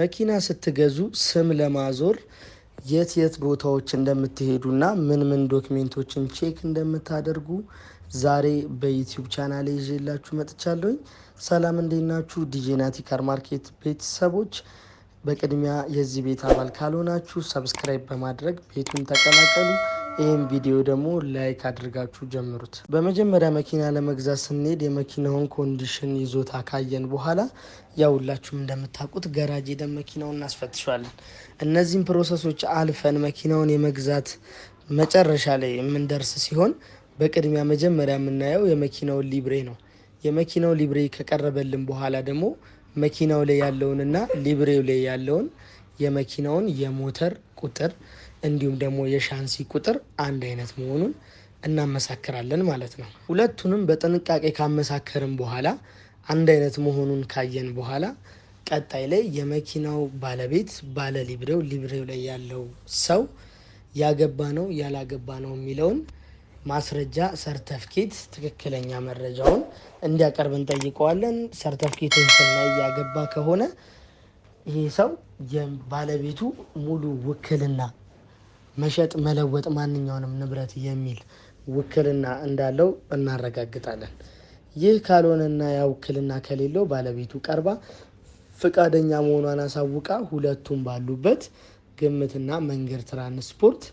መኪና ስትገዙ ስም ለማዞር የት የት ቦታዎች እንደምትሄዱና ምን ምን ዶክሜንቶችን ቼክ እንደምታደርጉ ዛሬ በዩቲዩብ ቻናል ይዤላችሁ መጥቻለሁኝ። ሰላም እንዴናችሁ? ናችሁ? ዲጄናቲ ካር ማርኬት ቤተሰቦች፣ በቅድሚያ የዚህ ቤት አባል ካልሆናችሁ ሰብስክራይብ በማድረግ ቤቱን ተቀላቀሉ። ይህም ቪዲዮ ደግሞ ላይክ አድርጋችሁ ጀምሩት። በመጀመሪያ መኪና ለመግዛት ስንሄድ የመኪናውን ኮንዲሽን ይዞታ ካየን በኋላ ያውላችሁም እንደምታውቁት ገራጅ ሄደን መኪናውን እናስፈትሸዋለን። እነዚህም ፕሮሰሶች አልፈን መኪናውን የመግዛት መጨረሻ ላይ የምንደርስ ሲሆን በቅድሚያ መጀመሪያ የምናየው የመኪናውን ሊብሬ ነው። የመኪናው ሊብሬ ከቀረበልን በኋላ ደግሞ መኪናው ላይ ያለውንና ሊብሬው ላይ ያለውን የመኪናውን የሞተር ቁጥር እንዲሁም ደግሞ የሻንሲ ቁጥር አንድ አይነት መሆኑን እናመሳክራለን ማለት ነው። ሁለቱንም በጥንቃቄ ካመሳከርን በኋላ አንድ አይነት መሆኑን ካየን በኋላ ቀጣይ ላይ የመኪናው ባለቤት ባለ ሊብሬው፣ ሊብሬው ላይ ያለው ሰው ያገባ ነው ያላገባ ነው የሚለውን ማስረጃ ሰርተፍኬት፣ ትክክለኛ መረጃውን እንዲያቀርብ እንጠይቀዋለን። ሰርተፍኬትን ስናይ ያገባ ከሆነ ይሄ ሰው ባለቤቱ ሙሉ ውክልና መሸጥ፣ መለወጥ ማንኛውንም ንብረት የሚል ውክልና እንዳለው እናረጋግጣለን። ይህ ካልሆነና ያ ውክልና ከሌለው ባለቤቱ ቀርባ ፍቃደኛ መሆኗን አሳውቃ ሁለቱም ባሉበት ግምትና መንገድ ትራንስፖርት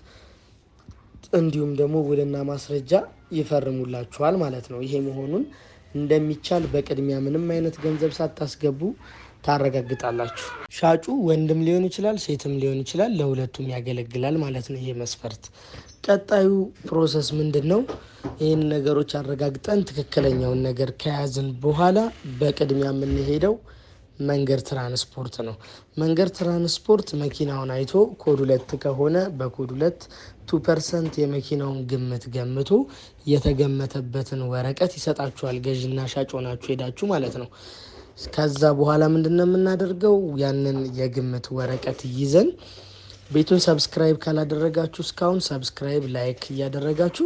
እንዲሁም ደግሞ ውልና ማስረጃ ይፈርሙላችኋል ማለት ነው። ይሄ መሆኑን እንደሚቻል በቅድሚያ ምንም አይነት ገንዘብ ሳታስገቡ ታረጋግጣላችሁ። ሻጩ ወንድም ሊሆን ይችላል፣ ሴትም ሊሆን ይችላል። ለሁለቱም ያገለግላል ማለት ነው ይሄ መስፈርት። ቀጣዩ ፕሮሰስ ምንድን ነው? ይህን ነገሮች አረጋግጠን ትክክለኛውን ነገር ከያዝን በኋላ በቅድሚያ የምንሄደው መንገድ ትራንስፖርት ነው። መንገድ ትራንስፖርት መኪናውን አይቶ ኮድ ሁለት ከሆነ በኮድ ሁለት ቱ ፐርሰንት የመኪናውን ግምት ገምቶ የተገመተበትን ወረቀት ይሰጣችኋል። ገዥና ሻጭ ሆናችሁ ሄዳችሁ ማለት ነው። ከዛ በኋላ ምንድን ነው የምናደርገው? ያንን የግምት ወረቀት ይዘን ቤቱን ሰብስክራይብ ካላደረጋችሁ እስካሁን ሰብስክራይብ፣ ላይክ እያደረጋችሁ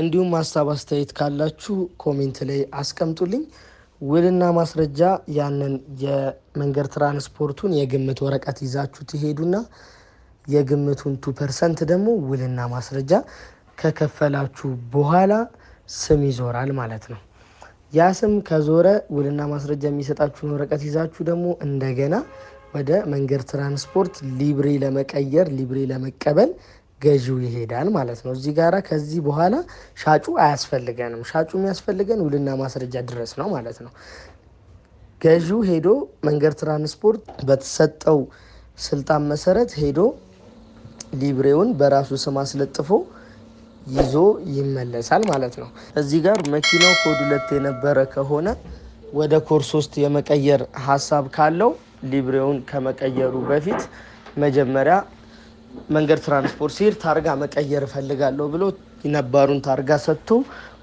እንዲሁም ሀሳብ አስተያየት ካላችሁ ኮሜንት ላይ አስቀምጡልኝ። ውልና ማስረጃ ያንን የመንገድ ትራንስፖርቱን የግምት ወረቀት ይዛችሁ ትሄዱና የግምቱን ቱ ፐርሰንት ደግሞ ውልና ማስረጃ ከከፈላችሁ በኋላ ስም ይዞራል ማለት ነው። ያ ስም ከዞረ ውልና ማስረጃ የሚሰጣችሁን ወረቀት ይዛችሁ ደግሞ እንደገና ወደ መንገድ ትራንስፖርት ሊብሬ ለመቀየር ሊብሬ ለመቀበል ገዢው ይሄዳል ማለት ነው። እዚህ ጋራ ከዚህ በኋላ ሻጩ አያስፈልገንም። ሻጩ የሚያስፈልገን ውልና ማስረጃ ድረስ ነው ማለት ነው። ገዢው ሄዶ መንገድ ትራንስፖርት በተሰጠው ስልጣን መሰረት ሄዶ ሊብሬውን በራሱ ስም አስለጥፎ ይዞ ይመለሳል ማለት ነው። እዚህ ጋር መኪናው ኮድ ሁለት የነበረ ከሆነ ወደ ኮድ ሶስት የመቀየር ሀሳብ ካለው ሊብሬውን ከመቀየሩ በፊት መጀመሪያ መንገድ ትራንስፖርት ሲሄድ ታርጋ መቀየር እፈልጋለሁ ብሎ ነባሩን ታርጋ ሰጥቶ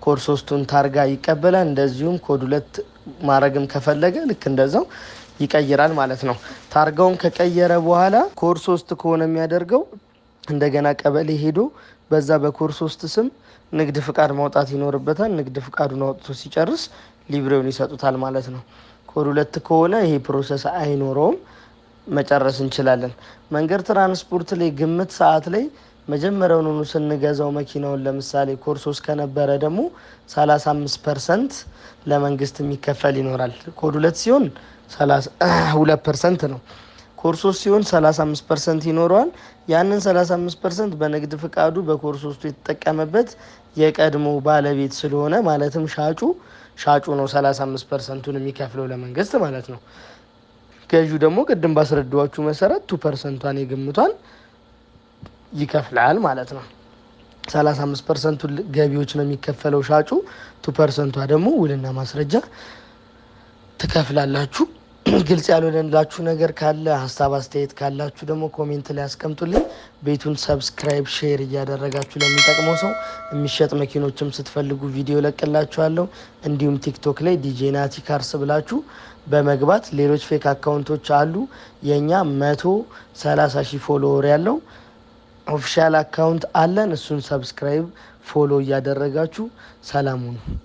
ኮድ ሶስቱን ታርጋ ይቀበላል። እንደዚሁም ኮድ ሁለት ማድረግም ከፈለገ ልክ እንደዛው ይቀይራል ማለት ነው። ታርጋውን ከቀየረ በኋላ ኮድ ሶስት ከሆነ የሚያደርገው እንደገና ቀበሌ ሄዶ በዛ በኮርስ ውስጥ ስም ንግድ ፍቃድ ማውጣት ይኖርበታል። ንግድ ፍቃዱን አውጥቶ ሲጨርስ ሊብሬውን ይሰጡታል ማለት ነው። ኮድ ሁለት ከሆነ ይሄ ፕሮሰስ አይኖረውም፣ መጨረስ እንችላለን። መንገድ ትራንስፖርት ላይ ግምት ሰዓት ላይ መጀመሪያውኑ ስንገዛው መኪናውን ለምሳሌ ኮድ ሶስት ከነበረ ደግሞ 35 ፐርሰንት ለመንግስት የሚከፈል ይኖራል። ኮድ ሁለት ሲሆን ሁለት ፐርሰንት ነው። ኮርስ ሲሆን 35 ፐርሰንት ይኖረዋል። ያንን 35 ፐርሰንት በንግድ ፍቃዱ በኮርስ ውስጡ የተጠቀመበት የቀድሞ ባለቤት ስለሆነ ማለትም ሻጩ ሻጩ ነው 35 ፐርሰንቱን የሚከፍለው ለመንግስት ማለት ነው። ገዢው ደግሞ ቅድም ባስረዳችሁ መሰረት ቱ ፐርሰንቷን የግምቷን ይከፍላል ማለት ነው። 35 ፐርሰንቱ ገቢዎች ነው የሚከፈለው ሻጩ፣ ቱ ፐርሰንቷ ደግሞ ውልና ማስረጃ ትከፍላላችሁ። ግልጽ ያልሆነላችሁ ነገር ካለ ሀሳብ አስተያየት ካላችሁ ደግሞ ኮሜንት ላይ አስቀምጡልኝ። ቤቱን ሰብስክራይብ፣ ሼር እያደረጋችሁ ለሚጠቅመው ሰው የሚሸጥ መኪኖችም ስትፈልጉ ቪዲዮ ለቅላችኋለሁ። እንዲሁም ቲክቶክ ላይ ዲጄ ናቲ ካርስ ብላችሁ በመግባት ሌሎች ፌክ አካውንቶች አሉ። የእኛ መቶ ሰላሳ ሺህ ፎሎወር ያለው ኦፊሻል አካውንት አለን። እሱን ሰብስክራይብ ፎሎ እያደረጋችሁ ነው።